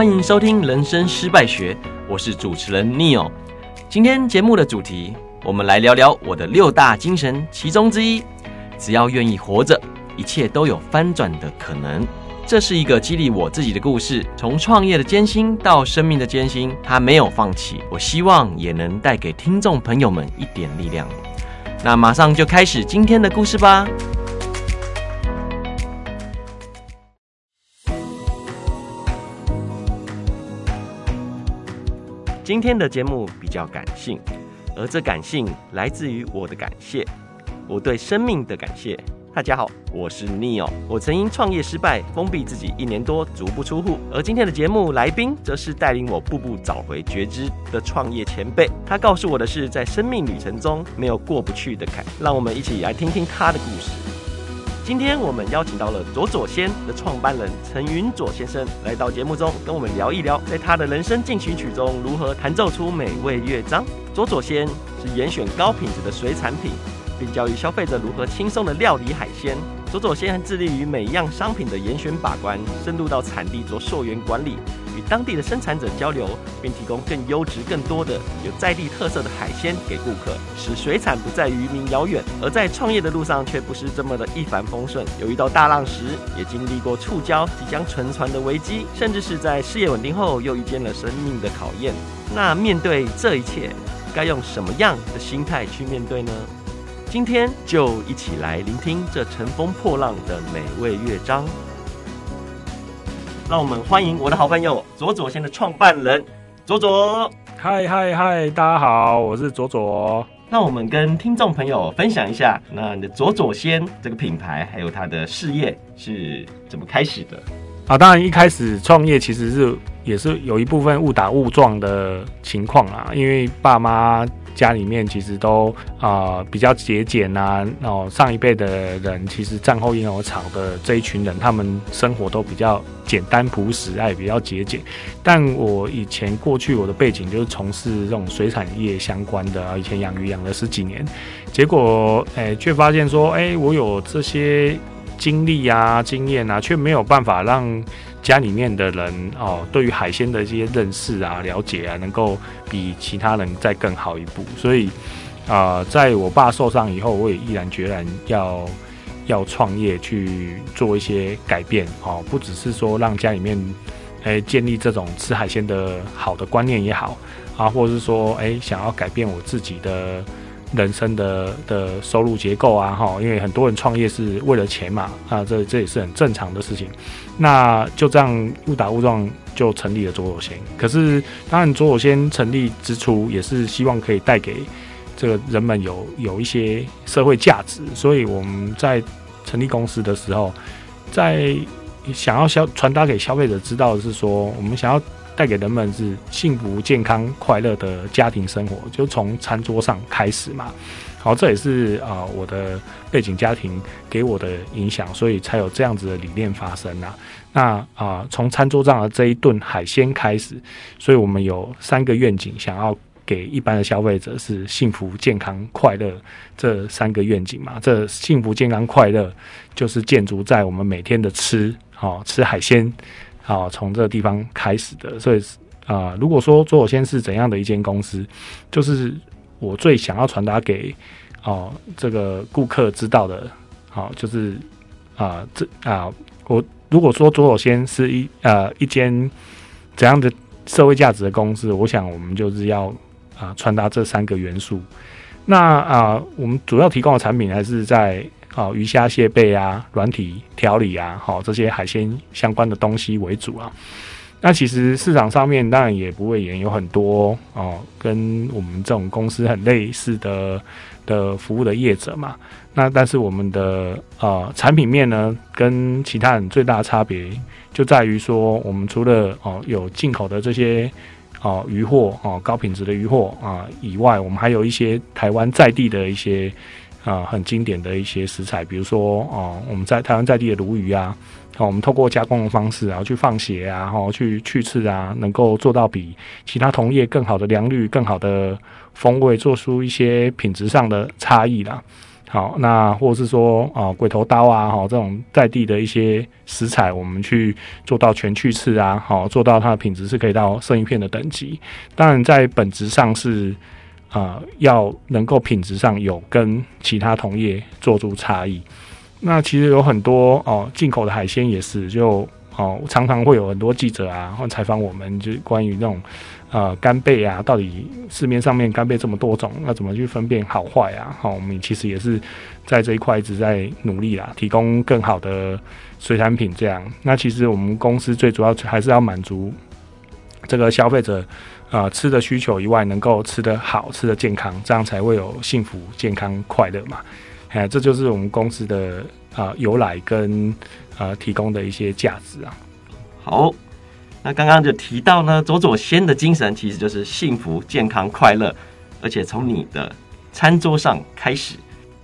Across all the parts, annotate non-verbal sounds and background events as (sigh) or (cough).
歡迎收聽《人生失敗學》，我是主持人 Neo。今天節目的主題，我們來聊聊我的六大精神其中之一。只要願意活着，一切都有翻轉的可能。這是一個激勵我自己的故事，從創業的艱辛到生命的艱辛，他沒有放棄。我希望也能帶給聽眾朋友們一點力量。那馬上就開始今天的故事吧。今天的節目比較感性，而這感性來自於我的感謝，我對生命的感謝。大家好，我是 Neo 我曾因創業失敗封閉自己一年多，足不出戶。而今天的節目來賓則是帶領我步步找回覺知的創業前輩。他告訴我的是，在生命旅程中沒有過不去的坎。讓我們一起來聽聽他的故事。今天我們邀請到了佐佐鮮的創辦人陳雲佐先生來到節目中，跟我們聊一聊，在他的人生進行曲中如何彈奏出美味樂章。佐佐鮮是嚴選高品質的水產品，並教育消費者如何輕鬆的料理海鮮。佐佐鮮還致力於每一樣商品的嚴選把關，深入到產地做溯源管理。與當地的生產者交流，並提供更優質、更多的有在地特色的海鮮給顧客，使水產不再漁民遙遠。而在創業的路上，卻不是這麼的一帆風順。有遇到大浪時，也經歷過觸礁、即將沉船的危機，甚至是在事業穩定後，又遇見了生命的考驗。那面對這一切，該用什麼樣的心態去面對呢？今天就一起來聆聽這乘風破浪的美味樂章。讓我們歡迎我的好朋友佐佐鮮的創辦人佐佐，嗨嗨嗨！hi, hi, hi, 大家好，我是佐佐。那我們跟聽眾朋友分享一下，那你的佐佐鮮這個品牌還有他的事業是怎麼開始的？啊，當然一開始創業其實是也是有一部分誤打誤撞的情況啊，因為爸媽。家裡面其實都啊、呃、比較節儉啊哦、呃，上一輩的人其實戰後嬰兒潮的這一群人，他們生活都比較簡單樸實愛也比較節儉。但我以前過去我的背景就是從事這種水產業相關的啊，以前養魚養了十幾年，結果誒、卻、欸、發現說誒、欸、我有這些經歷啊經驗啊，卻、啊、沒有辦法讓。家裡面的人哦，對於海鮮的一些認識啊、了解啊，能夠比其他人再更好一步。所以，啊、呃，在我爸受傷以後，我也毅然決然要要創業去做一些改變哦，不只是說讓家裡面哎建立這種吃海鮮的好的觀念也好啊，或者是說哎想要改變我自己的。人生的的收入結構啊，哈，因為很多人創業是為了錢嘛，啊，這這也是很正常的事情。那就這樣誤打誤撞就成立了佐佐鮮。可是當然，佐佐鮮成立之初也是希望可以帶給這個人們有有一些社會價值。所以我們在成立公司的時候，在想要消傳達給消費者知道的是說，我們想要。帶給人們是幸福、健康、快樂的家庭生活，就從餐桌上開始嘛。好，這也是啊、呃、我的背景家庭給我的影響，所以才有這樣子的理念發生啊。那啊，從、呃、餐桌上的這一頓海鮮開始，所以我們有三個願景，想要給一般的消費者是幸福、健康、快樂這三個願景嘛。這幸福、健康、快樂就是建築在我們每天的吃，哦、呃，吃海鮮。啊，從這個地方開始的，所以啊、呃，如果說佐佐鮮是怎樣的一間公司，就是我最想要傳達給哦、呃、這個顧客知道的，好、呃，就是啊、呃、這啊、呃，我如果說佐佐鮮是一啊、呃、一間怎樣的社會價值的公司，我想我們就是要啊傳達這三個元素。那啊、呃，我們主要提供的產品還是在。哦、啊，魚蝦蟹貝啊，軟體調理啊，好、啊、這些海鮮相關的東西為主啊。那其實市場上面當然也不會也有很多哦、啊、跟我們這種公司很類似的的服務的業者嘛。那但是我們的呃、啊、產品面呢，跟其他人最大差別就在於說，我們除了哦、啊、有進口的這些哦魚貨哦高品質的魚貨啊以外，我們還有一些台灣在地的一些。啊、呃，很經典的一些食材，比如說哦、呃，我們在台灣在地的鱸魚啊，好、呃，我們透過加工的方式、啊，然後去放血啊，然後去去刺啊，能夠做到比其他同業更好的良率、更好的風味，做出一些品質上的差異啦。好，那或是說啊、呃，鬼頭刀啊，好，這種在地的一些食材，我們去做到全去刺啊，好，做到它的品質是可以到生魚片的等級。當然，在本質上是。啊、呃，要能夠品質上有跟其他同業做出差異，那其實有很多哦，呃、進口的海鮮也是，就哦、呃、常常會有很多記者啊，或採訪我們，就關於那種呃干貝啊，到底市面上面干貝這麼多種，那怎麼去分辨好壞啊？好、呃，我們其實也是在這一塊一直在努力啦，提供更好的水產品。這樣，那其實我們公司最主要還是要滿足這個消費者。啊、呃，吃的需求以外，能夠吃得好，吃得健康，這樣才會有幸福、健康、快樂嘛。哎、啊，這就是我們公司的啊、呃、由來跟、呃、提供的一些價值啊。好，那剛剛就提到呢，佐佐鮮的精神其實就是幸福、健康、快樂，而且從你的餐桌上開始。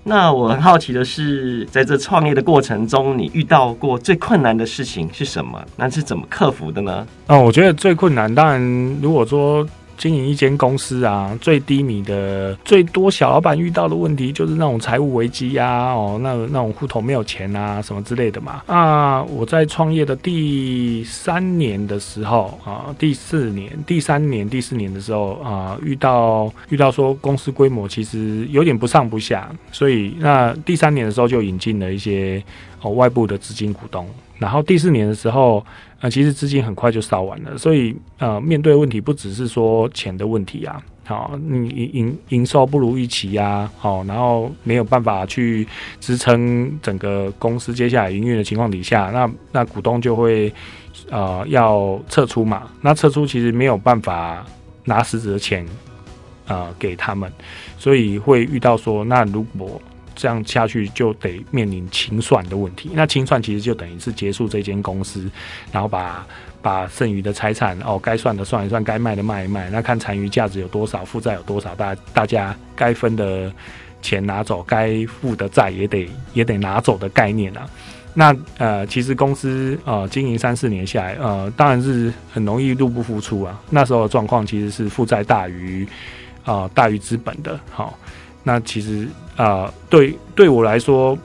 那我很好奇的是，在這創業的過程中，你遇到過最困難的事情是什麼？那是怎麼克服的呢？嗯，我覺得最困難，當然如果說。經營一間公司啊，最低迷的最多小老闆遇到的問題就是那種財務危機呀、啊，哦，那那種戶頭沒有錢啊，什麼之類的嘛。那、啊、我在創業的第三年的時候啊，第四年，第三年第四年的時候啊，遇到遇到說公司規模其實有點不上不下，所以那第三年的時候就引進了一些。哦、外部的資金股東，然後第四年的時候，呃，其實資金很快就燒完了，所以呃，面對問題不只是說錢的問題啊，好、哦，你營營營收不如預期呀、啊，好、哦，然後沒有辦法去支撐整個公司接下來營運的情況底下，那那股東就會呃要撤出嘛，那撤出其實沒有辦法拿實質的錢啊、呃、給他們，所以會遇到說，那如果。這樣下去就得面臨清算的問題。那清算其實就等於是結束這間公司，然後把把剩餘的財產哦，該算的算一算，該賣的賣一賣，那看殘餘價值有多少，負債有多少，大大家該分的錢拿走，該付的債也得也得拿走的概念啊。那呃，其實公司呃經營三四年下來，呃，當然是很容易入不敷出啊。那時候的狀況其實是負債大於啊、呃、大於資本的。好、哦，那其實。啊、呃，對，對我來說，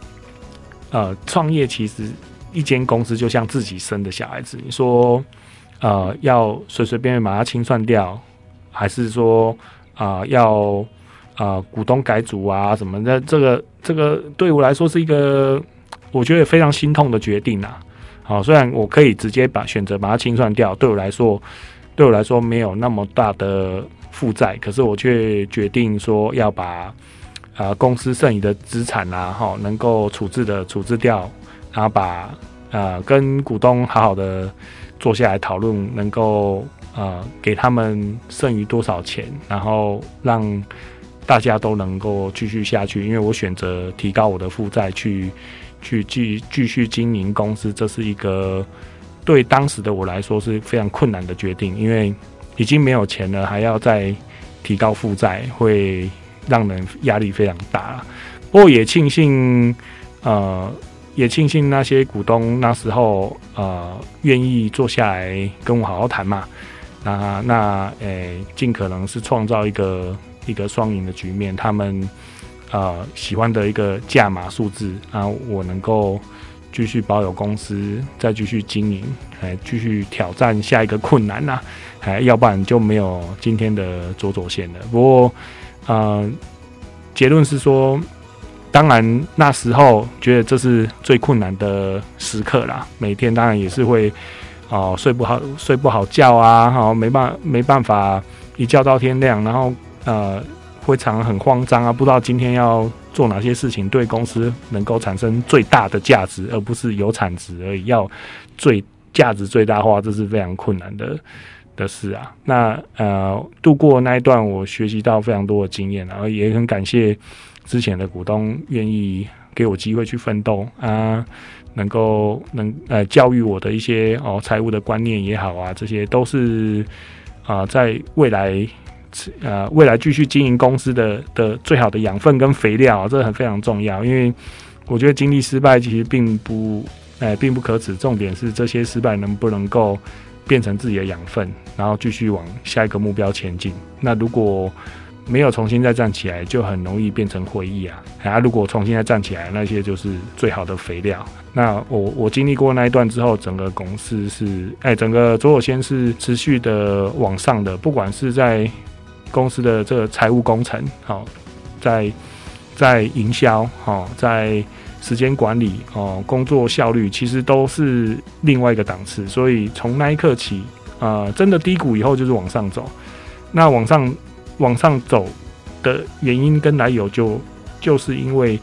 呃，創業其實一間公司就像自己生的小孩子。你說，呃，要隨隨便便把它清算掉，還是說啊、呃，要啊、呃，股東改組啊，什麼的？這個這個，對我來說是一個我覺得非常心痛的決定啊。好、啊，雖然我可以直接把選擇把它清算掉，對我來說，對我來說沒有那麼大的負債，可是我卻決定說要把。啊、呃，公司剩餘的資產啊，哈，能夠處置的處置掉，然後把呃跟股東好好的坐下來討論，能夠呃給他們剩餘多少錢，然後讓大家都能夠繼續下去。因為我選擇提高我的負債去去繼繼續經營公司，這是一個對當時的我來說是非常困難的決定，因為已經沒有錢了，還要再提高負債會。讓人壓力非常大、啊，不過也慶幸，呃，也慶幸那些股東那時候呃願意坐下來跟我好好談嘛，那那呃，盡、欸、可能是創造一個一個雙贏的局面，他們呃喜歡的一個價碼數字啊，那我能夠繼續保有公司，再繼續經營，哎，繼續挑戰下一個困難吶、啊，哎，要不然就沒有今天的佐佐鮮了。不過。呃，結論是說，當然那時候覺得這是最困難的時刻啦。每天當然也是會，哦、呃，睡不好，睡不好覺啊，好，沒辦沒辦法，沒辦法一覺到天亮，然後呃，非常很慌張啊，不知道今天要做哪些事情，對公司能夠產生最大的價值，而不是有產值而已，要最價值最大化，這是非常困難的。的事啊，那呃，度過那一段，我學習到非常多的經驗，然後也很感謝之前的股東願意給我機會去奮鬥啊，能夠能呃教育我的一些哦財務的觀念也好啊，這些都是啊、呃、在未來呃未來繼續經營公司的的最好的養分跟肥料啊、哦，這很非常重要，因為我覺得經歷失敗其實並不呃並不可恥，重點是這些失敗能不能夠。變成自己的養分，然後繼續往下一個目標前進。那如果沒有重新再站起來，就很容易變成回憶啊。啊，如果重新再站起來，那些就是最好的肥料。那我我經歷過那一段之後，整個公司是哎、欸，整個佐佐鮮是持續的往上的，不管是在公司的這個財務工程，好，在在營銷，好在。時間管理哦，呃，工作效率其實都是另外一個檔次，所以從那一刻起，呃，真的低谷以後就是往上走。那往上往上走的原因跟來由，就就是因為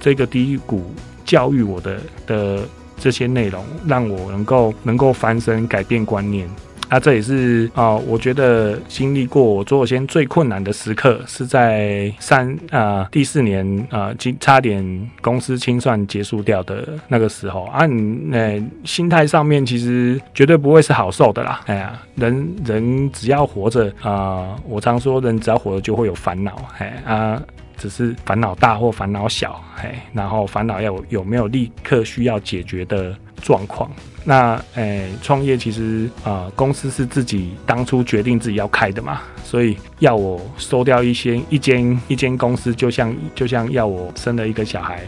這個低谷教育我的的這些內容，讓我能夠能夠翻身，改變觀念。那、啊、這也是啊、呃，我覺得經歷過佐佐鮮最困難的時刻，是在三啊、呃、第四年啊、呃，差點公司清算結束掉的那個時候啊，那、欸、心態上面其實絕對不會是好受的啦。哎呀，人人只要活着啊、呃，我常說人只要活着就會有煩惱，哎啊，只是煩惱大或煩惱小，哎，然後煩惱要有沒有立刻需要解決的。狀況。那誒，創業其實啊、呃，公司是自己當初決定自己要開的嘛，所以要我收掉一些一間一間公司，就像就像要我生了一個小孩，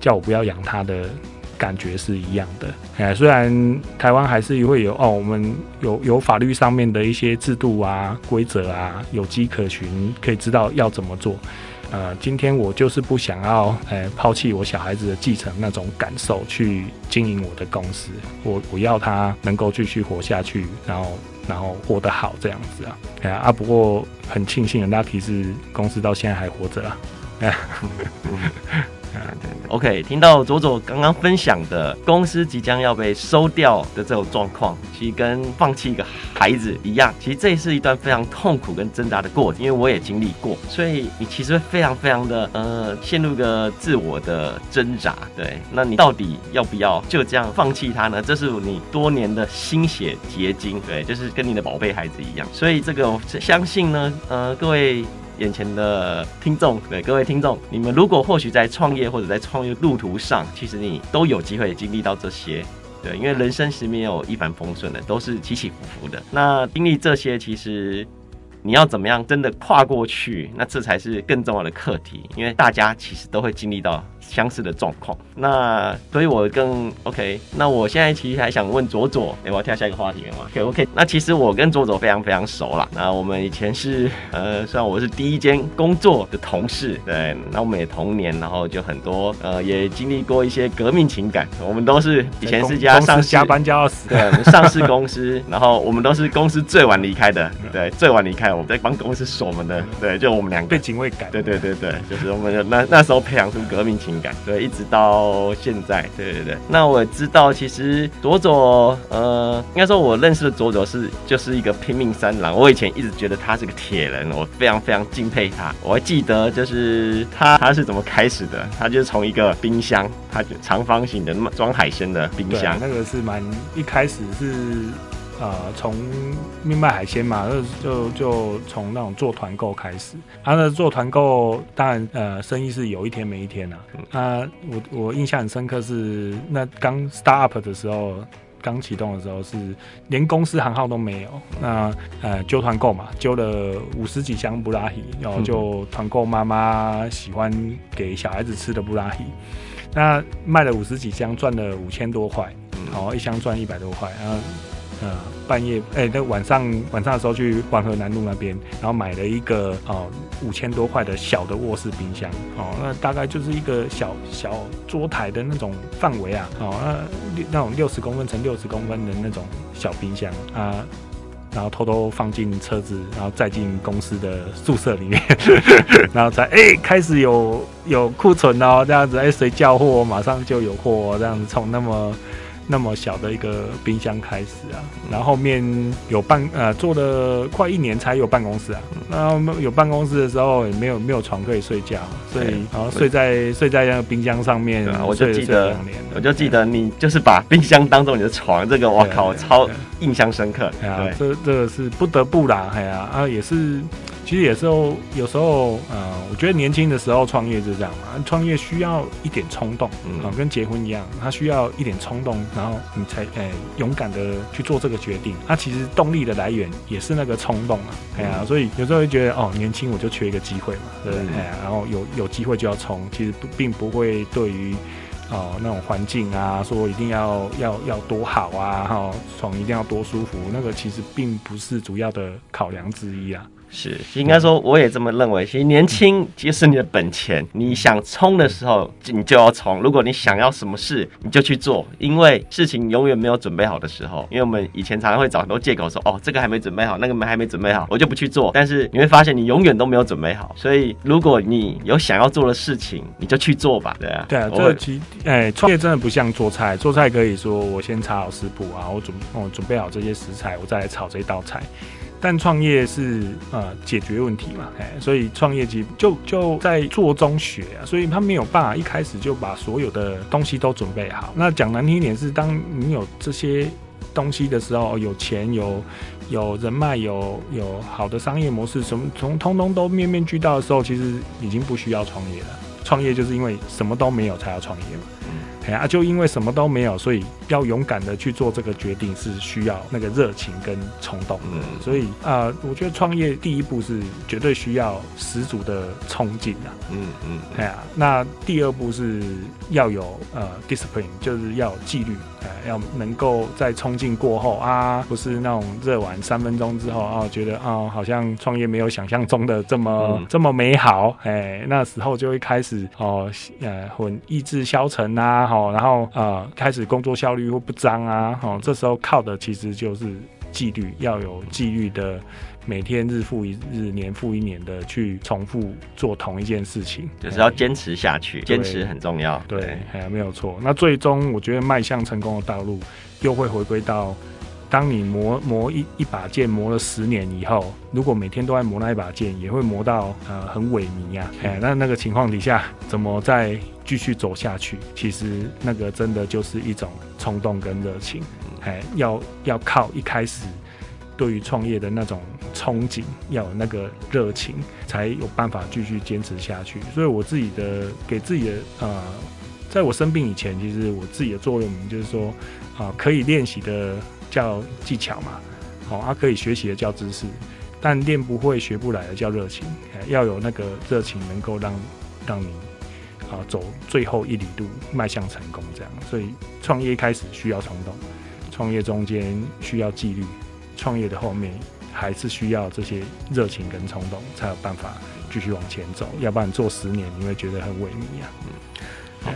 叫我不要養他的感覺是一樣的。誒，雖然台灣還是會有哦，我們有有法律上面的一些制度啊、規則啊，有跡可循，可以知道要怎麼做。呃，今天我就是不想要，呃，拋棄我小孩子的繼承那種感受去經營我的公司，我我要他能夠繼續活下去，然後然後活得好這樣子啊，啊，啊不過很慶幸，lucky 是公司到現在還活着啊。啊 (laughs) (laughs) 對對對，OK，聽到佐佐剛剛分享的公司即將要被收掉的這種狀況，其實跟放棄一個孩子一樣，其實這是一段非常痛苦跟掙扎的過程，因為我也經歷過，所以你其實會非常非常的呃，陷入個自我的掙扎。對，那你到底要不要就這樣放棄它呢？這是你多年的心血結晶，對，就是跟你的寶貝孩子一樣。所以這個我相信呢，呃，各位。眼前的聽眾，對，各位聽眾，你們如果或許在創業或者在創業路途上，其實你都有機會經歷到這些，對，因為人生是沒有一帆風順的，都是起起伏伏的。那經歷這些，其實。你要怎麼樣真的跨過去？那這才是更重要的課題，因為大家其實都會經歷到相似的狀況。那所以，我更 OK，那我現在其實還想問佐佐，哎、欸，我要跳下一個話題了嗎？OK OK，那其實我跟佐佐非常非常熟啦。那我們以前是呃，算我是第一間工作的同事，對。那我們也同年，然後就很多呃，也經歷過一些革命情感。我們都是以前是家上市加班加到死，對，我們上市公司， (laughs) 然後我們都是公司最晚離開的，對，最晚離開。我在幫公司鎖門的，對，就我們兩個被警衛趕。對對對對， (laughs) 就是我們就那那時候培養出革命情感，對，一直到現在，對對對。那我也知道，其實佐佐，呃，應該說，我認識的佐佐是就是一個拼命三郎。我以前一直覺得他是個鐵人，我非常非常敬佩他。我還記得，就是他他是怎麼開始的，他就是從一個冰箱，他就長方形的，那麼裝海鮮的冰箱，那個是蠻一開始是。呃，從賣海鮮嘛，就就從那種做團購開始。他、啊、那做團購，當然呃，生意是有一天沒一天吶、啊。那、啊、我我印象很深刻是，那剛 startup 的時候，剛啟動的時候是連公司行號都沒有。那呃，揪團購嘛，揪了五十幾箱布拉希，然後就團購媽媽喜歡給小孩子吃的布拉希，那賣了五十幾箱，賺了五千多塊，然後一箱賺一百多塊啊。然後呃，半夜哎，那晚上晚上的時候去環河南路那邊，然後買了一個哦五千多塊的小的臥室冰箱哦，呃，那大概就是一個小小桌台的那種範圍啊，哦，呃，那那種六十公分乘六十公分的那種小冰箱啊，呃，然後偷偷放進車子，然後載進公司的宿舍裡面，然後才哎開始有有庫存哦，這樣子。哎，誰叫貨馬上就有貨，這樣子從那麼。那麼小的一個冰箱開始啊，然後，後面有辦呃做、啊、了快一年才有辦公室啊。然後有辦公室的時候也沒有沒有床可以睡覺、啊，所以然後睡在睡在那個冰箱上面啊。我就記得我就記得你就是把冰箱當做你的床，這個我靠我超印象深刻。哎、啊、這這個是不得不啦，哎呀啊，啊也是。其實有時候，有時候，呃，我覺得年輕的時候創業是這樣嘛，創業需要一點衝動，嗯、啊，跟結婚一樣，他需要一點衝動，然後你才，哎，勇敢的去做這個決定。他、啊、其實動力的來源也是那個衝動嘛，哎呀、嗯啊，所以有時候會覺得，哦，年輕我就缺一個機會嘛，對不對？嗯對啊、然後有有機會就要衝，其實並不會對於，哦、呃，那種環境啊，說一定要要要多好啊，哈，床一定要多舒服，那個其實並不是主要的考量之一啊。是，應該說我也這麼認為。其實年輕其實是你的本錢，嗯、你想衝的時候，你就要衝。如果你想要什麼事，你就去做，因為事情永遠沒有準備好的時候。因為我們以前常常會找很多借口說，哦，這個還沒準備好，那個沒還沒準備好，我就不去做。但是你會發現，你永遠都沒有準備好。所以，如果你有想要做的事情，你就去做吧。對啊，對啊，我會 這個其哎，欸、創業真的不像做菜，做菜可以說我先查好食譜啊，我準我準備好這些食材，我再來炒這一道菜。但創業是呃解決問題嘛，哎，所以創業就就就在做中學啊，所以他沒有辦法一開始就把所有的東西都準備好。那講難聽一點是，當你有這些東西的時候，有錢有有人脈有有好的商業模式，什麼從通通都面面俱到的時候，其實已經不需要創業了。創業就是因為什麼都沒有才要創業嘛。啊，就因為什麼都沒有，所以要勇敢的去做這個決定，是需要那個熱情跟衝動的。所以啊，呃，我覺得創業第一步是絕對需要十足的衝勁啊。嗯嗯，哎、嗯、呀、嗯啊，那第二步是要有呃 discipline，就是要紀律。要能夠在衝勁過後啊，不是那種熱完三分鐘之後啊，覺得啊好像創業沒有想象中的這麼、嗯、這麼美好，哎、欸，那時候就會開始哦，呃、啊，很意志消沉啊，哈、哦，然後啊、呃、開始工作效率會不彰啊，哈、哦，這時候靠的其實就是紀律，要有紀律的。每天日復一日、年復一年的去重複做同一件事情，就是要堅持下去，哎、堅持很重要。對，對哎、沒有錯。那最終，我覺得邁向成功的道路，又會回歸到，當你磨磨一一把劍，磨了十年以後，如果每天都在磨那一把劍，也會磨到、呃、很萎靡呀、啊。哎，那那個情況底下，怎麼再繼續走下去？其實那個真的就是一種衝動跟熱情，哎，要要靠一開始。對於創業的那種憧憬，要有那個熱情，才有辦法繼續堅持下去。所以我自己的給自己的啊、呃，在我生病以前，其實我自己的座右銘就是說啊、呃，可以練習的叫技巧嘛，好、哦、啊，可以學習的叫知識，但練不會、學不來的叫熱情。呃、要有那個熱情，能夠讓讓你啊、呃、走最後一里路，邁向成功這樣。所以創業開始需要衝動，創業中間需要紀律。創業的後面，還是需要這些熱情跟衝動，才有辦法繼續往前走。要不然做十年，你會覺得很萎靡啊。嗯。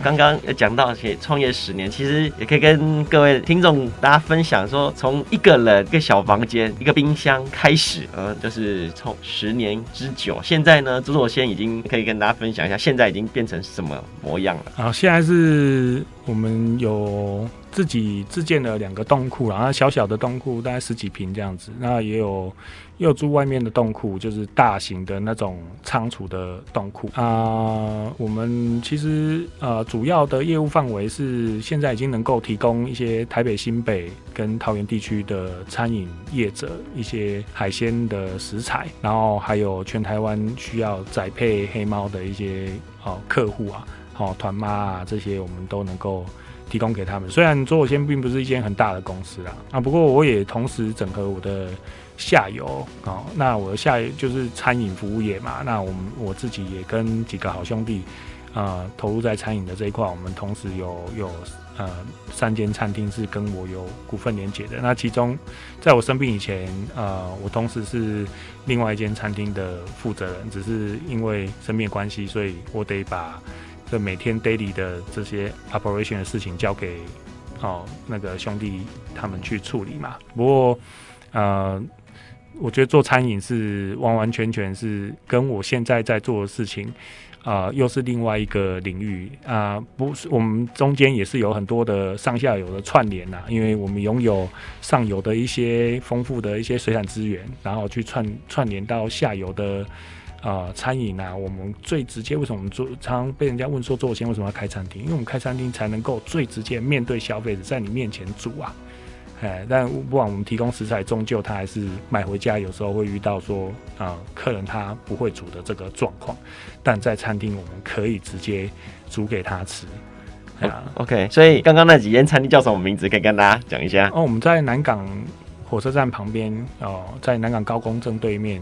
剛剛也講到，寫創業十年，其實也可以跟各位聽眾大家分享說，說從一個人、一個小房間、一個冰箱開始，呃，就是從十年之久。現在呢，就是我現在已經可以跟大家分享一下，現在已經變成什麼模樣了。啊，現在是我們有自己自建的兩個凍庫，然後小小的凍庫，大概十幾坪這樣子，那也有。又租外面的凍庫，就是大型的那種倉儲的凍庫啊、呃。我們其實呃，主要的業務範圍是現在已經能夠提供一些台北、新北跟桃園地區的餐飲業者一些海鮮的食材，然後還有全台灣需要宅配黑貓的一些哦客戶啊，哦團媽啊這些，我們都能夠提供給他們。雖然佐佐鮮並不是一間很大的公司啦，啊不過我也同時整合我的。下游啊、哦，那我的下游就是餐飲服務業嘛。那我們我自己也跟幾個好兄弟，呃，投入在餐飲的這一塊。我們同時有有呃三間餐廳是跟我有股份連結的。那其中，在我生病以前，呃，我同時是另外一間餐廳的負責人。只是因為生病關係，所以我得把這每天 daily 的這些 operation 的事情交給哦、呃、那個兄弟他們去處理嘛。不過，嗯、呃。我覺得做餐飲是完完全全是跟我現在在做的事情，啊、呃，又是另外一個領域啊、呃,不是，我們中間也是有很多的上下游的串聯吶、啊，因為我們擁有上游的一些豐富的一些水產資源，然後去串串聯到下游的啊、呃、餐飲吶、啊，我們最直接為什麼做，常常被人家問說，做海鮮為什麼要開餐廳？因為我們開餐廳才能夠最直接面對消費者，在你面前煮啊。哎，但不管我們提供食材，終究他還是買回家，有時候會遇到說啊、呃，客人他不會煮的這個狀況。但在餐廳，我們可以直接煮給他吃。啊哦、okay，所以剛剛那幾間餐廳叫什麼名字？可以跟大家講一下。哦，我們在南港火車站旁邊哦、呃，在南港高工正對面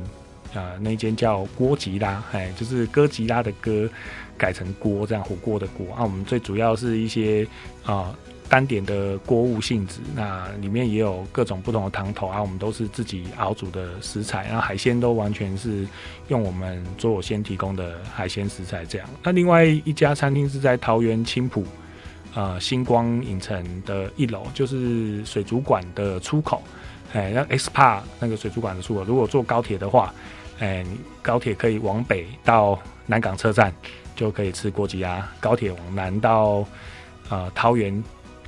啊、呃，那間叫鍋吉拉，哎、呃，就是哥吉拉的哥改成鍋這樣火鍋的鍋啊。我們最主要是一些啊。呃單點的鍋物性質，那裡面也有各種不同的湯頭啊，我們都是自己熬煮的食材，然後海鮮都完全是用我們佐佐鮮提供的海鮮食材這樣。那另外一家餐廳是在桃園青埔呃，星光影城的一樓，就是水族館的出口，哎，那 Xpark 那個水族館的出口。如果坐高鐵的話，哎，高鐵可以往北到南港車站，就可以吃鍋雞啊；高鐵往南到呃桃園。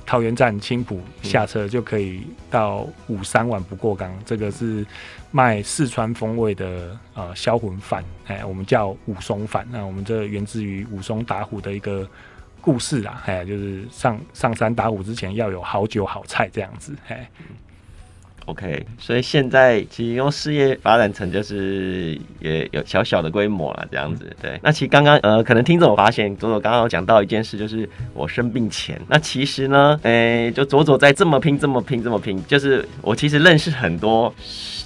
桃園站、青埔下車就可以到五三碗不過岡，嗯、這個是賣四川風味的呃銷魂飯、哎，我們叫武松飯。那我們這源自於武松打虎的一個故事啦，啊哎，就是上上山打虎之前要有好酒好菜這樣子，哎嗯 OK，所以現在其實用事業發展成就是也有小小的規模了這樣子，對。那其實剛剛呃，可能聽眾，我發現佐佐剛剛有講到一件事，就是我生病前，那其實呢，哎、欸，就佐佐在這麼拼、這麼拼、這麼拼，就是我其實認識很多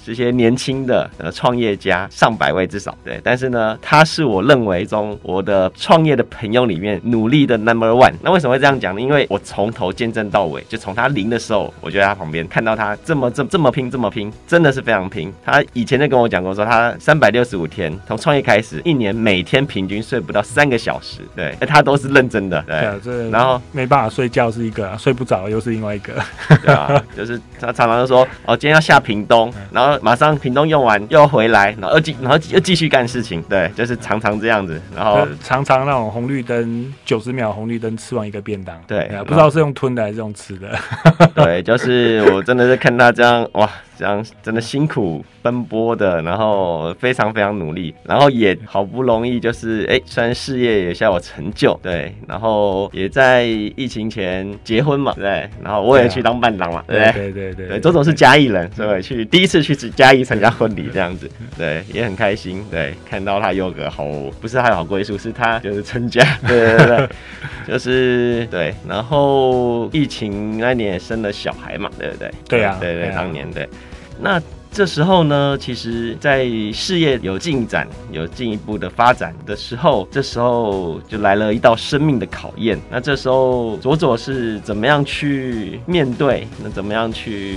這些年輕的呃創業家，上百位至少，對。但是呢，他是我認為中我的創業的朋友裡面努力的 Number One。那為什麼會這樣講呢？因為我從頭見證到尾，就從他零的時候，我就在他旁邊看到他這麼這。這麼拼，這麼拼，真的是非常拼。他以前就跟我講過說，說他三百六十五天，從創業開始，一年每天平均睡不到三個小時。對、欸，他都是認真的。對、對啊，這然後沒辦法睡覺是一個、啊，睡不着又是另外一個。對啊，就是他常常就說，哦、喔，今天要下屏東，然後馬上屏東用完又回來，然後又繼然後又繼續幹事情。對，就是常常這樣子。然後常常那種紅綠燈九十秒，紅綠燈吃完一個便當。對、啊，後不知道是用吞的還是用吃的。對，就是我真的是看他這樣。哇。這樣真的辛苦奔波的，然後非常非常努力，然後也好不容易，就是哎、欸，雖然事業也稍有成就，對，然後也在疫情前結婚嘛，對，然後我也去當伴郎了，對對對對，周總是嘉義人，所以去第一次去嘉義參加婚禮這樣子，對，也很開心，對，看到他有個好，不是他有好歸宿，是他就是成家，對對對，對，就是對，然後疫情那年也生了小孩嘛，對不對？對對對，當年對。那這時候呢，其實，在事業有進展、有進一步的發展的時候，這時候就來了一道生命的考驗。那這時候，佐佐是怎麼樣去面對？那怎麼樣去？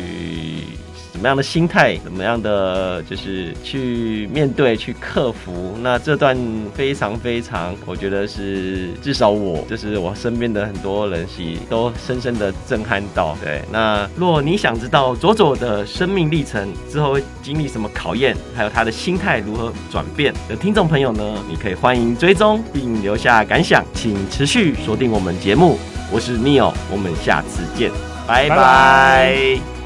怎麼樣的心態，怎麼樣的就是去面對、去克服？那這段非常非常，我覺得是至少我，就是我身邊的很多人，是都深深的震撼到。對，那如果你想知道佐佐的生命歷程之後會經歷什麼考驗，還有他的心態如何轉變的聽眾朋友呢？你可以歡迎追蹤並留下感想，請持續鎖定我們節目。我是 Neil，我們下次見，拜拜。拜拜。